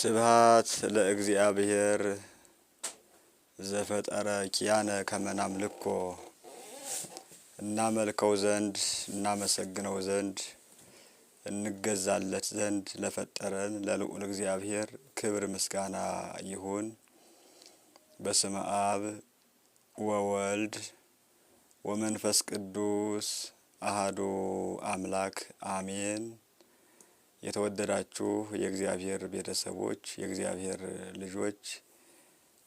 ስብሃት ለእግዚአብሔር ዘፈጠረ ኪያነ ከመናም ልኮ እናመልከው ዘንድ እናመሰግነው ዘንድ እንገዛለት ዘንድ ለፈጠረን ለልዑል እግዚአብሔር ክብር ምስጋና ይሁን። በስመ አብ ወወልድ ወመንፈስ ቅዱስ አሃዶ አምላክ አሜን። የተወደዳችሁ የእግዚአብሔር ቤተሰቦች፣ የእግዚአብሔር ልጆች፣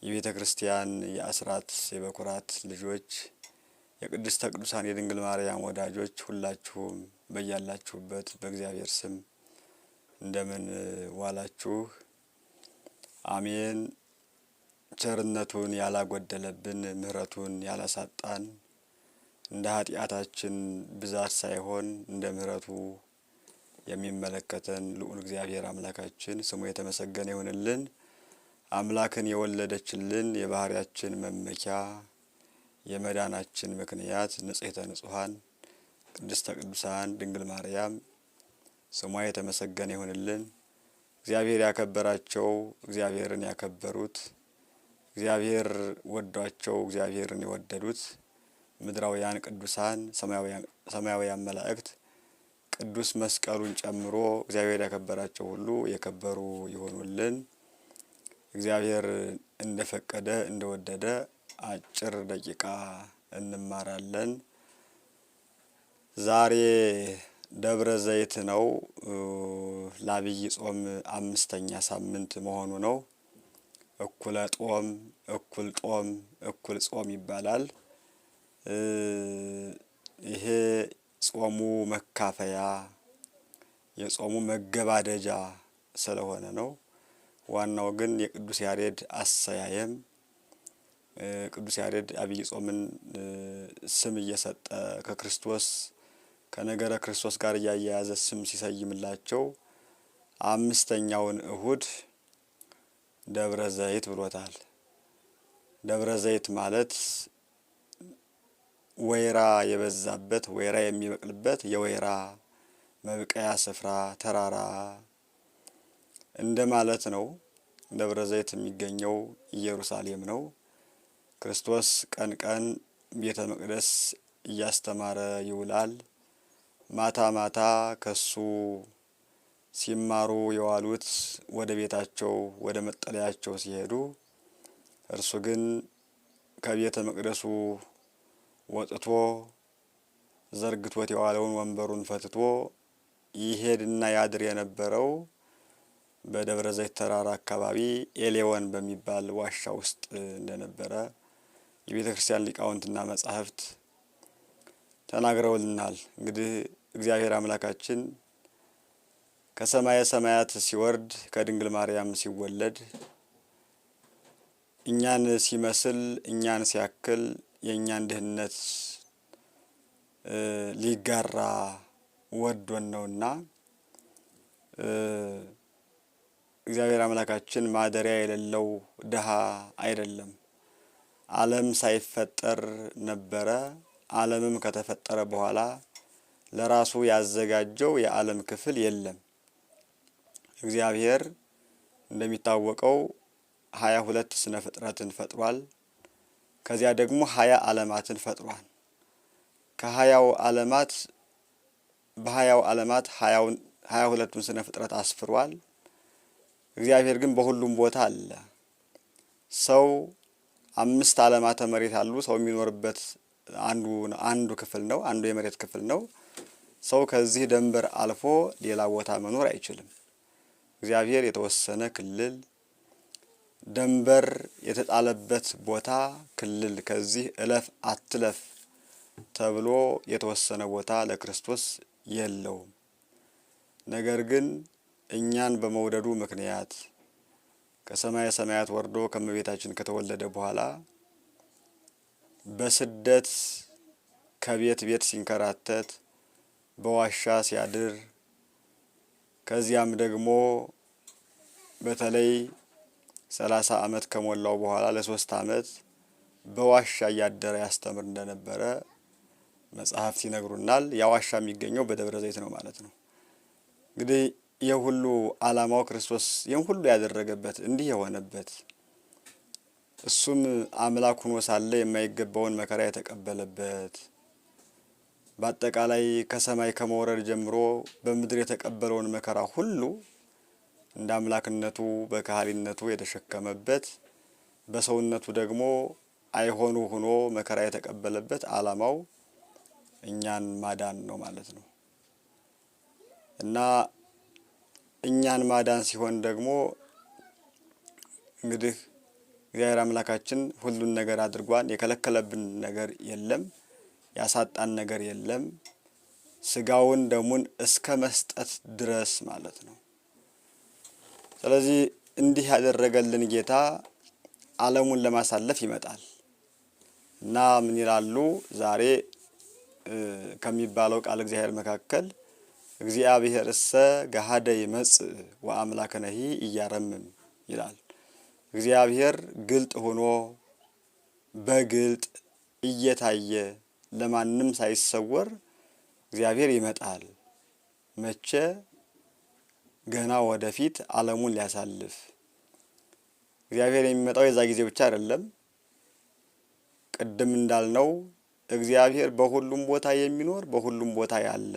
የቤተ ክርስቲያን የአስራት የበኩራት ልጆች፣ የቅድስተ ቅዱሳን የድንግል ማርያም ወዳጆች ሁላችሁም በያላችሁበት በእግዚአብሔር ስም እንደምን ዋላችሁ? አሜን። ቸርነቱን ያላጎደለብን ምሕረቱን ያላሳጣን እንደ ኃጢአታችን ብዛት ሳይሆን እንደ ምሕረቱ የሚመለከተን ልዑል እግዚአብሔር አምላካችን ስሙ የተመሰገነ ይሁንልን። አምላክን የወለደችልን የባህሪያችን መመኪያ የመዳናችን ምክንያት ንጽሕተ ንጹሐን ቅድስተ ቅዱሳን ድንግል ማርያም ስሟ የተመሰገነ ይሁንልን። እግዚአብሔር ያከበራቸው እግዚአብሔርን ያከበሩት እግዚአብሔር ወዷቸው እግዚአብሔርን የወደዱት ምድራውያን ቅዱሳን ሰማያውያን መላእክት ቅዱስ መስቀሉን ጨምሮ እግዚአብሔር ያከበራቸው ሁሉ የከበሩ ይሆኑልን። እግዚአብሔር እንደፈቀደ እንደወደደ አጭር ደቂቃ እንማራለን። ዛሬ ደብረ ዘይት ነው። ለአብይ ጾም አምስተኛ ሳምንት መሆኑ ነው። እኩለ ጦም፣ እኩል ጦም፣ እኩል ጾም ይባላል ይሄ ጾሙ መካፈያ የጾሙ መገባደጃ ስለሆነ ነው። ዋናው ግን የቅዱስ ያሬድ አሰያየም ቅዱስ ያሬድ አብይ ጾምን ስም እየሰጠ ከክርስቶስ ከነገረ ክርስቶስ ጋር እያያያዘ ስም ሲሰይምላቸው አምስተኛውን እሁድ ደብረ ዘይት ብሎታል። ደብረ ዘይት ማለት ወይራ የበዛበት ወይራ የሚበቅልበት የወይራ መብቀያ ስፍራ ተራራ እንደ ማለት ነው። ደብረ ዘይት የሚገኘው ኢየሩሳሌም ነው። ክርስቶስ ቀን ቀን ቤተ መቅደስ እያስተማረ ይውላል። ማታ ማታ ከሱ ሲማሩ የዋሉት ወደ ቤታቸው ወደ መጠለያቸው ሲሄዱ እርሱ ግን ከቤተ መቅደሱ ወጥቶ ዘርግቶት የዋለውን ወንበሩን ፈትቶ ይሄድና ያድር የነበረው በደብረ ዘይት ተራራ አካባቢ ኤሌዎን በሚባል ዋሻ ውስጥ እንደነበረ የቤተ ክርስቲያን ሊቃውንትና መጻሕፍት ተናግረውልናል። እንግዲህ እግዚአብሔር አምላካችን ከሰማየ ሰማያት ሲወርድ ከድንግል ማርያም ሲወለድ እኛን ሲመስል እኛን ሲያክል የእኛን ድህነት ሊጋራ ወዶን ነውና እግዚአብሔር አምላካችን ማደሪያ የሌለው ድሃ አይደለም። ዓለም ሳይፈጠር ነበረ። ዓለምም ከተፈጠረ በኋላ ለራሱ ያዘጋጀው የዓለም ክፍል የለም። እግዚአብሔር እንደሚታወቀው ሀያ ሁለት ስነ ፍጥረትን ፈጥሯል። ከዚያ ደግሞ ሀያ ዓለማትን ፈጥሯል። ከሀያው ዓለማት በሀያው ዓለማት ሀያ ሁለቱን ስነ ፍጥረት አስፍሯል። እግዚአብሔር ግን በሁሉም ቦታ አለ። ሰው አምስት ዓለማተ መሬት አሉ። ሰው የሚኖርበት አንዱ አንዱ ክፍል ነው፣ አንዱ የመሬት ክፍል ነው። ሰው ከዚህ ደንበር አልፎ ሌላ ቦታ መኖር አይችልም። እግዚአብሔር የተወሰነ ክልል ደንበር የተጣለበት ቦታ ክልል ከዚህ እለፍ አትለፍ ተብሎ የተወሰነ ቦታ ለክርስቶስ የለውም። ነገር ግን እኛን በመውደዱ ምክንያት ከሰማይ ሰማያት ወርዶ ከመቤታችን ከተወለደ በኋላ በስደት ከቤት ቤት ሲንከራተት በዋሻ ሲያድር ከዚያም ደግሞ በተለይ ሰላሳ ዓመት ከሞላው በኋላ ለሶስት ዓመት በዋሻ እያደረ ያስተምር እንደነበረ መጽሐፍት ይነግሩናል። ያ ዋሻ የሚገኘው በደብረ ዘይት ነው ማለት ነው። እንግዲህ ይህ ሁሉ ዓላማው ክርስቶስ ይህም ሁሉ ያደረገበት እንዲህ የሆነበት እሱም አምላክ ሆኖ ሳለ የማይገባውን መከራ የተቀበለበት በአጠቃላይ ከሰማይ ከመውረድ ጀምሮ በምድር የተቀበለውን መከራ ሁሉ እንደ አምላክነቱ በካህሊነቱ የተሸከመበት በሰውነቱ ደግሞ አይሆኑ ሆኖ መከራ የተቀበለበት ዓላማው እኛን ማዳን ነው ማለት ነው እና እኛን ማዳን ሲሆን ደግሞ እንግዲህ እግዚአብሔር አምላካችን ሁሉን ነገር አድርጓን የከለከለብን ነገር የለም፣ ያሳጣን ነገር የለም። ስጋውን ደሙን እስከ መስጠት ድረስ ማለት ነው። ስለዚህ እንዲህ ያደረገልን ጌታ ዓለሙን ለማሳለፍ ይመጣል እና ምን ይላሉ ዛሬ ከሚባለው ቃል እግዚአብሔር መካከል እግዚአብሔር እሰ ገሃደ ይመጽእ ወአምላክነሂ እያረምም ይላል። እግዚአብሔር ግልጥ ሆኖ በግልጥ እየታየ ለማንም ሳይሰወር እግዚአብሔር ይመጣል መቼ ገና ወደፊት ዓለሙን ሊያሳልፍ እግዚአብሔር የሚመጣው የዛ ጊዜ ብቻ አይደለም። ቅድም እንዳልነው እግዚአብሔር በሁሉም ቦታ የሚኖር በሁሉም ቦታ ያለ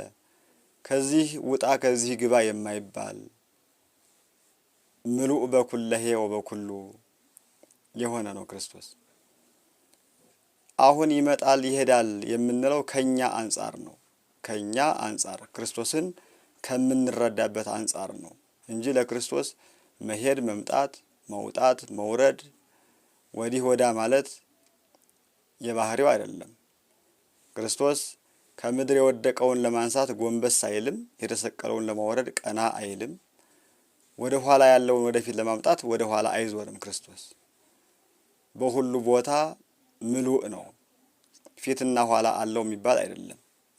ከዚህ ውጣ ከዚህ ግባ የማይባል ምሉእ በኩለሄ ወበኩሉ የሆነ ነው ክርስቶስ። አሁን ይመጣል ይሄዳል የምንለው ከኛ አንጻር ነው። ከኛ አንጻር ክርስቶስን ከምንረዳበት አንጻር ነው እንጂ ለክርስቶስ መሄድ፣ መምጣት፣ መውጣት፣ መውረድ፣ ወዲህ ወዳ ማለት የባህሪው አይደለም። ክርስቶስ ከምድር የወደቀውን ለማንሳት ጎንበስ አይልም። የተሰቀለውን ለማውረድ ቀና አይልም። ወደ ኋላ ያለውን ወደፊት ለማምጣት ወደ ኋላ አይዞርም። ክርስቶስ በሁሉ ቦታ ምሉእ ነው። ፊትና ኋላ አለው የሚባል አይደለም፣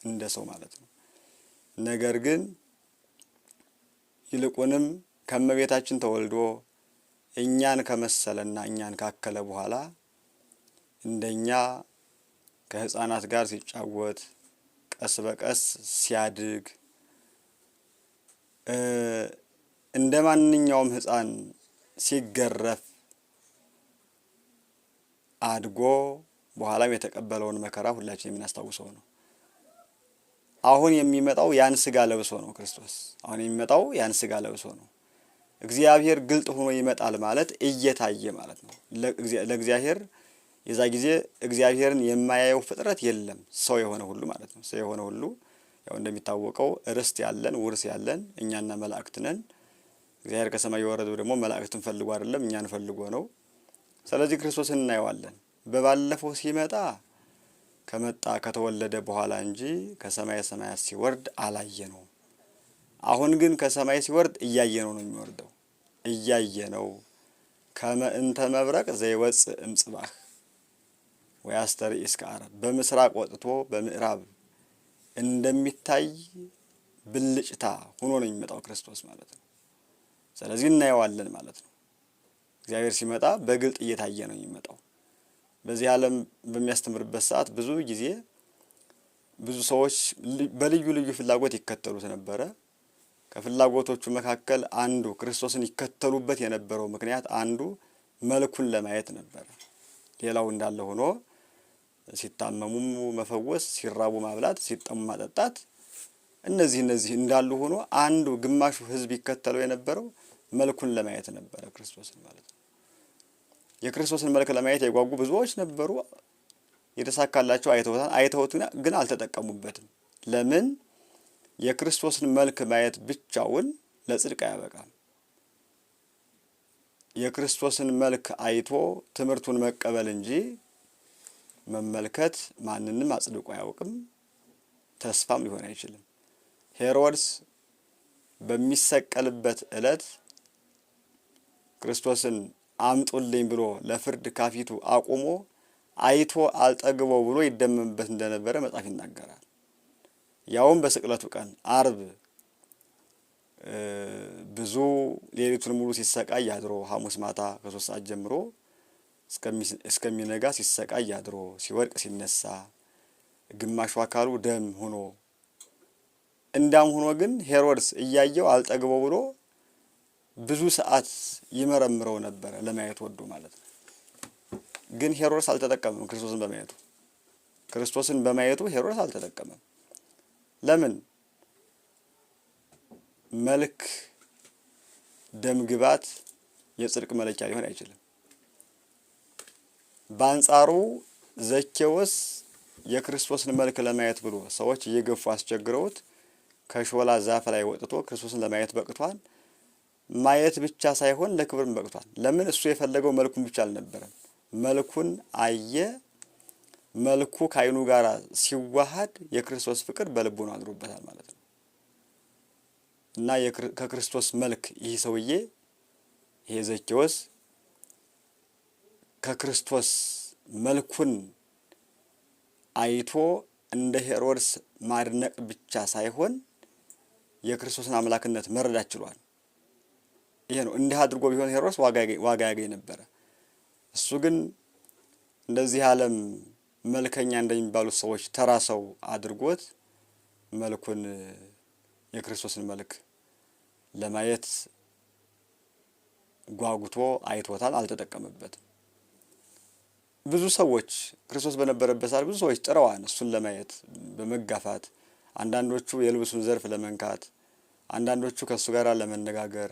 እንደ ሰው ማለት ነው። ነገር ግን ይልቁንም ከመቤታችን ተወልዶ እኛን ከመሰለና እኛን ካከለ በኋላ እንደኛ ከህፃናት ጋር ሲጫወት ቀስ በቀስ ሲያድግ እንደ ማንኛውም ህፃን ሲገረፍ አድጎ በኋላም የተቀበለውን መከራ ሁላችን የምናስታውሰው ነው። አሁን የሚመጣው ያን ስጋ ለብሶ ነው። ክርስቶስ አሁን የሚመጣው ያን ስጋ ለብሶ ነው። እግዚአብሔር ግልጥ ሆኖ ይመጣል ማለት እየታየ ማለት ነው። ለእግዚአብሔር የዛ ጊዜ እግዚአብሔርን የማያየው ፍጥረት የለም፣ ሰው የሆነ ሁሉ ማለት ነው። ሰው የሆነ ሁሉ ያው እንደሚታወቀው ርስት ያለን ውርስ ያለን እኛና መላእክት ነን። እግዚአብሔር ከሰማይ የወረደው ደግሞ መላእክትን ፈልጎ አይደለም፣ እኛን ፈልጎ ነው። ስለዚህ ክርስቶስን እናየዋለን። በባለፈው ሲመጣ ከመጣ ከተወለደ በኋላ እንጂ ከሰማይ ሰማያት ሲወርድ አላየነው። አሁን ግን ከሰማይ ሲወርድ እያየነው ነው የሚወርደው እያየነው ከመ እንተ መብረቅ ዘይወፅእ እምጽባህ ወያስተርኢ እስከ ዓረብ በምስራቅ ወጥቶ በምዕራብ እንደሚታይ ብልጭታ ሆኖ ነው የሚመጣው ክርስቶስ ማለት ነው። ስለዚህ እናየዋለን ማለት ነው። እግዚአብሔር ሲመጣ በግልጥ እየታየ ነው የሚመጣው። በዚህ ዓለም በሚያስተምርበት ሰዓት ብዙ ጊዜ ብዙ ሰዎች በልዩ ልዩ ፍላጎት ይከተሉት ነበረ። ከፍላጎቶቹ መካከል አንዱ ክርስቶስን ይከተሉበት የነበረው ምክንያት አንዱ መልኩን ለማየት ነበረ። ሌላው እንዳለ ሆኖ ሲታመሙም መፈወስ፣ ሲራቡ ማብላት፣ ሲጠሙ ማጠጣት፣ እነዚህ እነዚህ እንዳሉ ሆኖ አንዱ ግማሹ ህዝብ ይከተለው የነበረው መልኩን ለማየት ነበረ ክርስቶስን ማለት ነው። የክርስቶስን መልክ ለማየት የጓጉ ብዙዎች ነበሩ። የተሳካላቸው አይተውታል። አይተውት ግን አልተጠቀሙበትም። ለምን? የክርስቶስን መልክ ማየት ብቻውን ለጽድቅ አያበቃም። የክርስቶስን መልክ አይቶ ትምህርቱን መቀበል እንጂ መመልከት ማንንም አጽድቆ አያውቅም፣ ተስፋም ሊሆን አይችልም። ሄሮድስ በሚሰቀልበት ዕለት ክርስቶስን አምጡልኝ ብሎ ለፍርድ ካፊቱ አቁሞ አይቶ አልጠግበው ብሎ ይደመምበት እንደነበረ መጽሐፍ ይናገራል። ያውም በስቅለቱ ቀን አርብ ብዙ ሌሊቱን ሙሉ ሲሰቃይ ያድሮ ሐሙስ ማታ ከሶስት ሰዓት ጀምሮ እስከሚነጋ ሲሰቃይ ያድሮ ሲወድቅ ሲነሳ ግማሹ አካሉ ደም ሆኖ እንዳም ሆኖ ግን ሄሮድስ እያየው አልጠግበው ብሎ ብዙ ሰዓት ይመረምረው ነበረ ለማየት ወዶ ማለት ነው። ግን ሄሮድስ አልተጠቀመም ክርስቶስን በማየቱ ክርስቶስን በማየቱ ሄሮድስ አልተጠቀመም። ለምን? መልክ ደም ግባት የጽድቅ መለኪያ ሊሆን አይችልም። በአንጻሩ ዘኬዎስ የክርስቶስን መልክ ለማየት ብሎ ሰዎች እየገፉ አስቸግረውት ከሾላ ዛፍ ላይ ወጥቶ ክርስቶስን ለማየት በቅቷል። ማየት ብቻ ሳይሆን ለክብርም በቅቷል። ለምን? እሱ የፈለገው መልኩን ብቻ አልነበረም። መልኩን አየ። መልኩ ከአይኑ ጋር ሲዋሃድ የክርስቶስ ፍቅር በልቡ ነው አድሮበታል ማለት ነው እና ከክርስቶስ መልክ ይህ ሰውዬ ይሄ ዘኬዎስ ከክርስቶስ መልኩን አይቶ እንደ ሄሮድስ ማድነቅ ብቻ ሳይሆን የክርስቶስን አምላክነት መረዳት ችሏል። ይሄ ነው። እንዲህ አድርጎ ቢሆን ሄሮድስ ዋጋ ያገኝ ነበረ። እሱ ግን እንደዚህ ዓለም መልከኛ እንደሚባሉት ሰዎች ተራ ሰው አድርጎት መልኩን የክርስቶስን መልክ ለማየት ጓጉቶ አይቶታል፣ አልተጠቀመበትም። ብዙ ሰዎች ክርስቶስ በነበረበት ሰዓት ብዙ ሰዎች ጥረዋን እሱን ለማየት በመጋፋት አንዳንዶቹ የልብሱን ዘርፍ ለመንካት፣ አንዳንዶቹ ከእሱ ጋር ለመነጋገር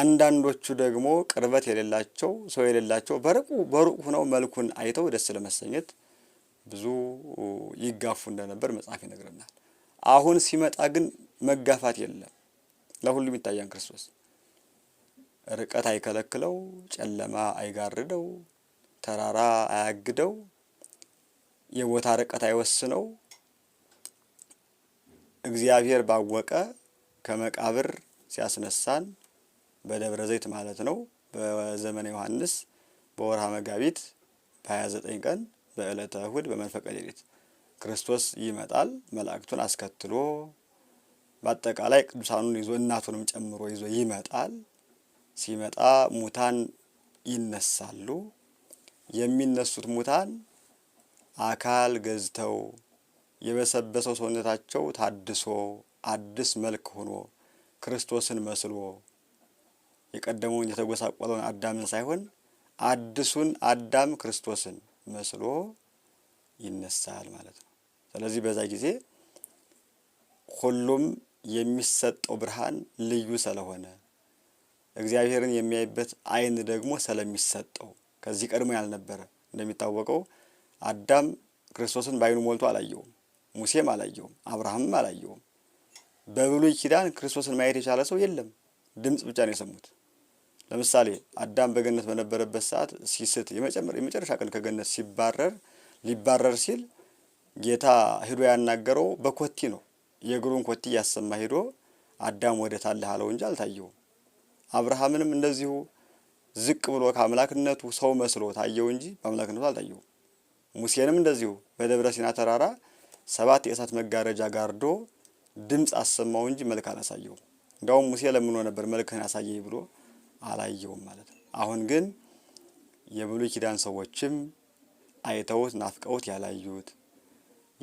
አንዳንዶቹ ደግሞ ቅርበት የሌላቸው ሰው የሌላቸው በርቁ በሩቅ ሆነው መልኩን አይተው ደስ ለመሰኘት ብዙ ይጋፉ እንደነበር መጽሐፍ ይነግረናል። አሁን ሲመጣ ግን መጋፋት የለም። ለሁሉም ይታያን ክርስቶስ ርቀት አይከለክለው፣ ጨለማ አይጋርደው፣ ተራራ አያግደው፣ የቦታ ርቀት አይወስነው። እግዚአብሔር ባወቀ ከመቃብር ሲያስነሳን በደብረ ዘይት ማለት ነው በዘመነ ዮሐንስ በወርሃ መጋቢት በ29 ቀን በዕለተ እሁድ በመንፈቀ ሌሊት ክርስቶስ ይመጣል መላእክቱን አስከትሎ በአጠቃላይ ቅዱሳኑን ይዞ እናቱንም ጨምሮ ይዞ ይመጣል። ሲመጣ ሙታን ይነሳሉ። የሚነሱት ሙታን አካል ገዝተው የበሰበሰው ሰውነታቸው ታድሶ አዲስ መልክ ሆኖ ክርስቶስን መስሎ የቀደመውን የተጎሳቆለውን አዳምን ሳይሆን አዲሱን አዳም ክርስቶስን መስሎ ይነሳል ማለት ነው። ስለዚህ በዛ ጊዜ ሁሉም የሚሰጠው ብርሃን ልዩ ስለሆነ እግዚአብሔርን የሚያይበት ዓይን ደግሞ ስለሚሰጠው ከዚህ ቀድሞ ያልነበረ እንደሚታወቀው አዳም ክርስቶስን በዓይኑ ሞልቶ አላየውም። ሙሴም አላየውም። አብርሃምም አላየውም። በብሉይ ኪዳን ክርስቶስን ማየት የቻለ ሰው የለም። ድምፅ ብቻ ነው የሰሙት። ለምሳሌ አዳም በገነት በነበረበት ሰዓት ሲስት የመጨረሻ ቀን ከገነት ሲባረር ሊባረር ሲል ጌታ ሂዶ ያናገረው በኮቲ ነው። የእግሩን ኮቲ እያሰማ ሂዶ አዳም ወደ ታለህ አለው እንጂ አልታየውም። አብርሃምንም እንደዚሁ ዝቅ ብሎ ከአምላክነቱ ሰው መስሎ ታየው እንጂ በአምላክነቱ አልታየውም። ሙሴንም እንደዚሁ በደብረ ሲና ተራራ ሰባት የእሳት መጋረጃ ጋርዶ ድምፅ አሰማው እንጂ መልክ አላሳየውም። እንዲያውም ሙሴ ለምኖ ነበር መልክህን ያሳየኝ ብሎ አላየውም ማለት ነው። አሁን ግን የብሉይ ኪዳን ሰዎችም አይተውት ናፍቀውት ያላዩት፣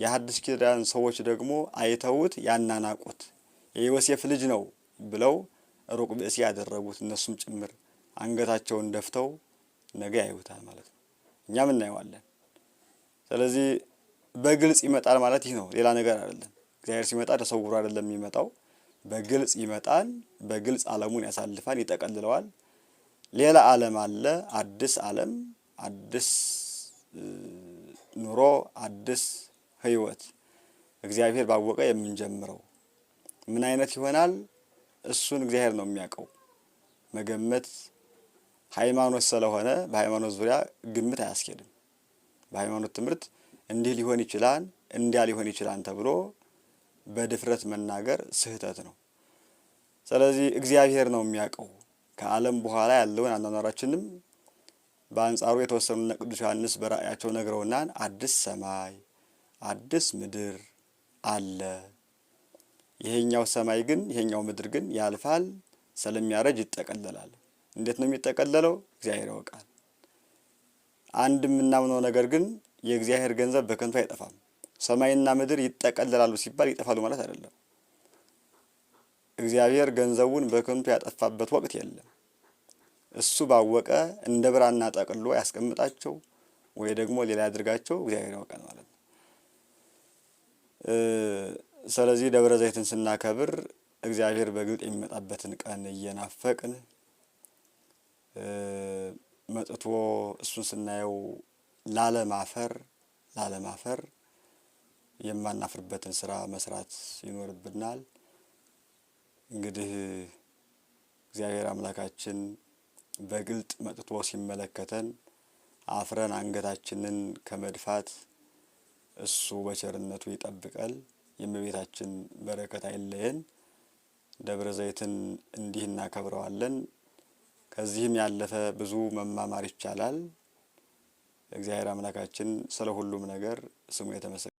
የሐዲስ ኪዳን ሰዎች ደግሞ አይተውት ያናናቁት የዮሴፍ ልጅ ነው ብለው ሩቅ ብእሲ ያደረጉት እነሱም ጭምር አንገታቸውን ደፍተው ነገ ያዩታል ማለት ነው። እኛም እናየዋለን። ስለዚህ በግልጽ ይመጣል ማለት ይህ ነው። ሌላ ነገር አይደለም። እግዚአብሔር ሲመጣ ተሰውሮ አይደለም የሚመጣው። በግልጽ ይመጣል፣ በግልጽ ዓለሙን ያሳልፋል፣ ይጠቀልለዋል። ሌላ ዓለም አለ፣ አዲስ ዓለም፣ አዲስ ኑሮ፣ አዲስ ህይወት እግዚአብሔር ባወቀ የምንጀምረው ምን አይነት ይሆናል? እሱን እግዚአብሔር ነው የሚያውቀው። መገመት ሃይማኖት ስለሆነ በሃይማኖት ዙሪያ ግምት አያስኬድም። በሃይማኖት ትምህርት እንዲህ ሊሆን ይችላል እንዲያ ሊሆን ይችላል ተብሎ በድፍረት መናገር ስህተት ነው። ስለዚህ እግዚአብሔር ነው የሚያውቀው ከዓለም በኋላ ያለውን አኗኗራችንም በአንጻሩ የተወሰኑ ቅዱስ ዮሐንስ በራእያቸው ነግረውናን አዲስ ሰማይ አዲስ ምድር አለ። ይሄኛው ሰማይ ግን ይሄኛው ምድር ግን ያልፋል፣ ስለሚያረጅ ይጠቀለላል። እንዴት ነው የሚጠቀለለው? እግዚአብሔር ያውቃል። አንድ የምናምነው ነገር ግን የእግዚአብሔር ገንዘብ በከንቱ አይጠፋም። ሰማይና ምድር ይጠቀለላሉ ሲባል ይጠፋሉ ማለት አይደለም። እግዚአብሔር ገንዘቡን በከንቱ ያጠፋበት ወቅት የለም። እሱ ባወቀ እንደ ብራና ጠቅሎ ያስቀምጣቸው ወይ ደግሞ ሌላ ያድርጋቸው፣ እግዚአብሔር ያውቃል ማለት ነው። ስለዚህ ደብረ ዘይትን ስናከብር እግዚአብሔር በግልጥ የሚመጣበትን ቀን እየናፈቅን መጥቶ እሱን ስናየው ላለማፈር ላለማፈር የማናፍርበትን ስራ መስራት ይኖርብናል። እንግዲህ እግዚአብሔር አምላካችን በግልጥ መጥቶ ሲመለከተን አፍረን አንገታችንን ከመድፋት እሱ በቸርነቱ ይጠብቀል። የእመቤታችን በረከት አይለየን። ደብረ ዘይትን እንዲህ እናከብረዋለን። ከዚህም ያለፈ ብዙ መማማር ይቻላል። እግዚአብሔር አምላካችን ስለ ሁሉም ነገር ስሙ የተመሰገነ